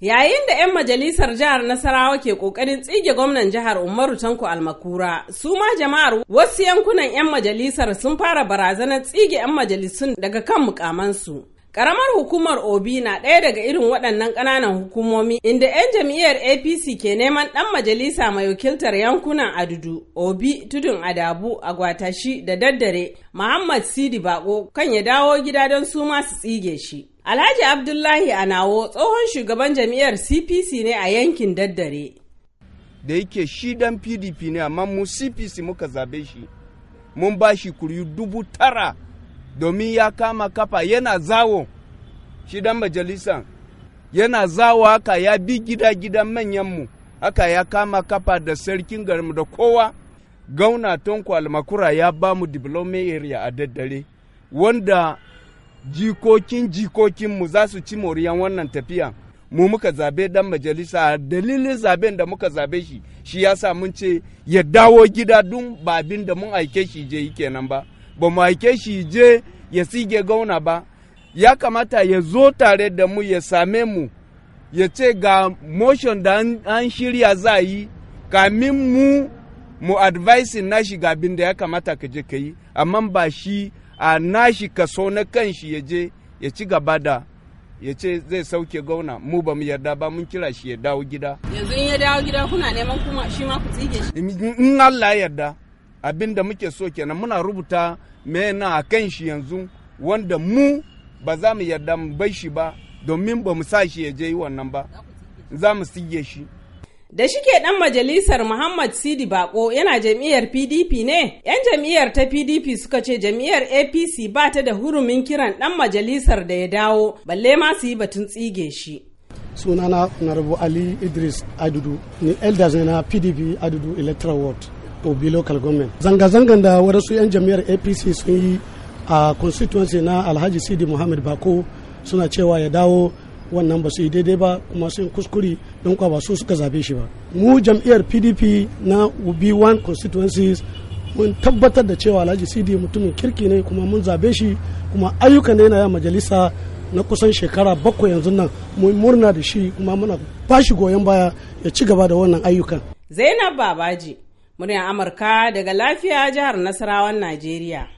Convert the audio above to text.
Yayin da 'yan majalisar jihar Nasarawa ke kokarin tsige gwamnan jihar Umaru Tanko Almakura, su ma jama'ar wasu yankunan 'yan majalisar sun fara barazanar tsige 'yan majalisun daga kan mukamansu. Karamar hukumar Obi na ɗaya daga irin waɗannan ƙananan hukumomi inda 'yan jam'iyyar APC ke neman ɗan majalisa mai wakiltar yankunan Adudu, Obi, Tudun Adabu, Agwatashi da Daddare, Muhammad Sidi Bako kan ya dawo gida don su masu su tsige shi. Alhaji Abdullahi Anawo tsohon shugaban jam'iyyar CPC ne a yankin daddare. Da yake shi dan PDP ne amma mu CPC muka zabe shi. Mun ba shi kuri dubu tara domin ya kama kafa yana zawo shi dan majalisan. Yana zawo haka ya bi gida-gidan manyanmu haka ya kama kafa da sarkin garinmu da kowa. Gauna Tonko Almakura ya ba mu development area a daddare wanda jikokin jikokinmu za su ci moriyan wannan tafiya mu muka zabe dan majalisa dalilin zaben da muka zabe shi shi ya sa mun ce ya dawo gida dun ba abin da mun aike shi je yi kenan ba ba mu aike shi je ya sige gauna ba ya kamata ya zo tare da mu ya same mu ya ce ga motion da an shirya za yi kamin mu mu advising na shi ga abin da ya kamata ka je ka yi amma ba shi a nashi kaso na kanshi ya je ya ci gaba da ya ce zai sauke gauna mu ba mu yarda ba mun kira shi ya dawo gida yanzu in ya dawo gida kuna neman kuma shi ma ku tsige shi in Allah ya yarda abin da muke so kenan muna rubuta mena a kan shi yanzu wanda mu ba za mu yarda mu bai shi ba domin ba mu sa shi ya je yi wannan ba za mu tsige shi Da shike dan majalisar Muhammad Sidi Bako yana jam'iyyar PDP ne, 'yan jam'iyyar ta PDP suka ce jam'iyyar APC ba ta da hurumin kiran dan majalisar da ya dawo, balle ma su yi batun tsige shi. Sunana Honorable Ali Idris Adudu, ni elders ne na PDP Adudu Electoral Ward, Obi Local Government. Zanga-zangan da wadansu 'yan jam'iyyar APC sun yi a constituency na Alhaji Sidi Muhammad Bako suna cewa ya dawo wannan ba su yi daidai ba kuma sun kuskure don kuwa ba su suka zabe shi ba mu jam'iyyar pdp na ubi one constituencies mun tabbatar da cewa alhaji sidi mutumin kirki ne kuma mun zabe shi kuma ayyukan ne yana majalisa na kusan shekara bakwai yanzu nan mun murna da shi kuma muna shi goyon baya ya ci gaba da wannan ayyukan zainab babaji muryar amurka daga lafiya jihar nasarawan najeriya